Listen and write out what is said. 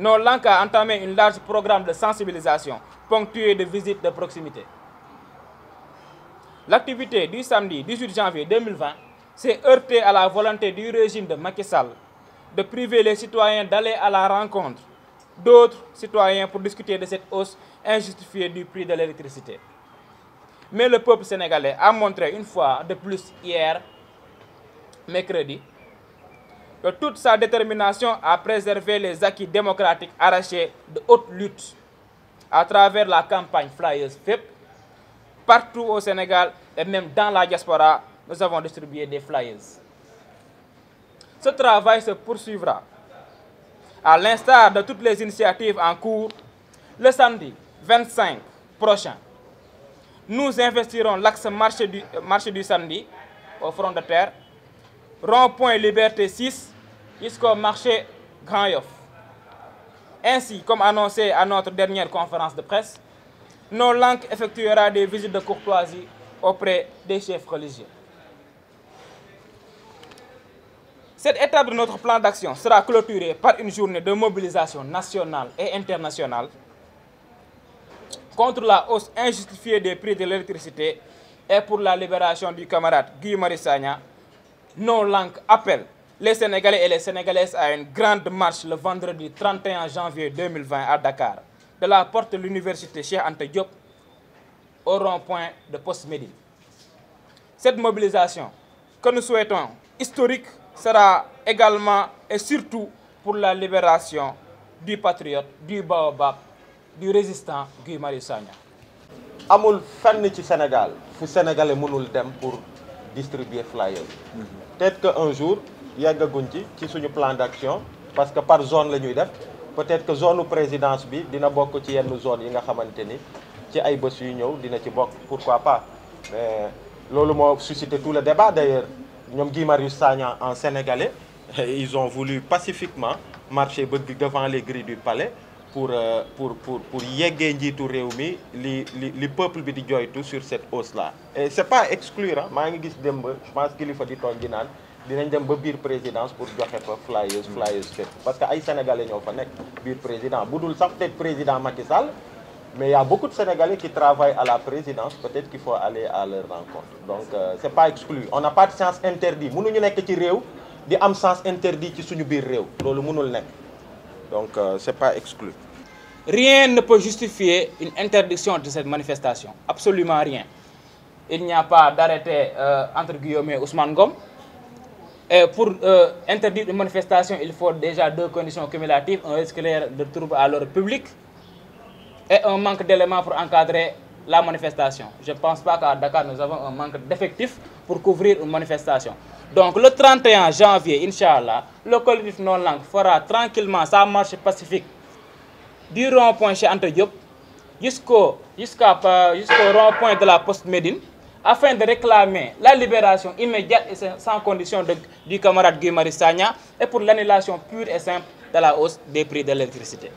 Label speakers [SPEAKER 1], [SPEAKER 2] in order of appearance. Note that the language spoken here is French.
[SPEAKER 1] Nos langues a entamé un large programme de sensibilisation ponctué de visites de proximité. L'activité du samedi 18 janvier 2020 s'est heurtée à la volonté du régime de Macky de priver les citoyens d'aller à la rencontre d'autres citoyens pour discuter de cette hausse injustifiée du prix de l'électricité. Mais le peuple sénégalais a montré une fois de plus hier, mercredi, de toute sa détermination à préserver les acquis démocratiques arrachés de haute lutte à travers la campagne Flyers FEP, partout au Sénégal et même dans la diaspora, nous avons distribué des Flyers. Ce travail se poursuivra. À l'instar de toutes les initiatives en cours, le samedi 25 prochain, nous investirons l'axe marché du, marché du samedi au front de terre, rond-point Liberté 6, jusqu'au marché Grand Ainsi, comme annoncé à notre dernière conférence de presse, nos langues effectuera des visites de courtoisie auprès des chefs religieux. Cette étape de notre plan d'action sera clôturée par une journée de mobilisation nationale et internationale contre la hausse injustifiée des prix de l'électricité et pour la libération du camarade Guy Marissagna. Nos langues appellent les Sénégalais et les Sénégalaises à une grande marche le vendredi 31 janvier 2020 à Dakar, de la porte de l'université Cheikh Ante Diop au rond-point de Post Médine. Cette mobilisation, que nous souhaitons historique, sera également et surtout pour la libération du patriote, du baobab, du résistant Guy Marius Sagna.
[SPEAKER 2] amul fenn ci Sénégal sénégalais pour distribuer flyers. Mhm. peut-être qu'un jour yàggaguñ ci ci suñu plan d'action parce que par zone la def peut-être que zone présidence bi dina bokk ci yenn zone yi nga xamante ni ci ay bës yu ñëw dina ci bokk pourquoi pas mais qui a suscité tout le débat d'ailleurs ñoom Guy Marius Sagna en sénégalais ils ont voulu pacifiquement marcher devant les grilles du palais pour euh, pour pour pour yeggee njitu réew li li peuple bi di joytu sur cette hausse là et c'est pas exclure hein. gis je pense qu'il di toog di dinañ dem ba biir présidence pour joxe fa flyers flyers fépp parce que ay sénégalais ñoo fa nekk biir président bu dul sax peut-être président Macky Sall mais y a beaucoup de sénégalais qui travaillent à la présidence peut-être qu'il faut aller à leur rencontre donc euh, c'est pas exclu on n'a pas de sens interdit mënuñu nekk ci réew di am sens interdit ci suñu biir réew loolu mënul nekk donc euh, c'est pas exclu rien ne peut justifier
[SPEAKER 1] une interdiction de cette manifestation absolument rien il n'y a pas d'arrêté euh, entre entre et Ousmane Gomme. Et euh, pour euh, interdire une manifestation, il faut déjà deux conditions cumulatives, un risque de trouble à l'ordre public et un manque d'éléments pour encadrer la manifestation. Je ne pense pas qu'à Dakar, nous avons un manque d'effectifs pour couvrir une manifestation. Donc le 31 janvier, Inch'Allah, le collectif non-langue fera tranquillement sa marche pacifique du rond-point chez Ante Diop euh, jusqu'au rond-point de la poste Médine afin de réclamer la libération immédiate et sans condition du camarade Guy et pour l'annulation pure et simple de la hausse des prix de l'électricité.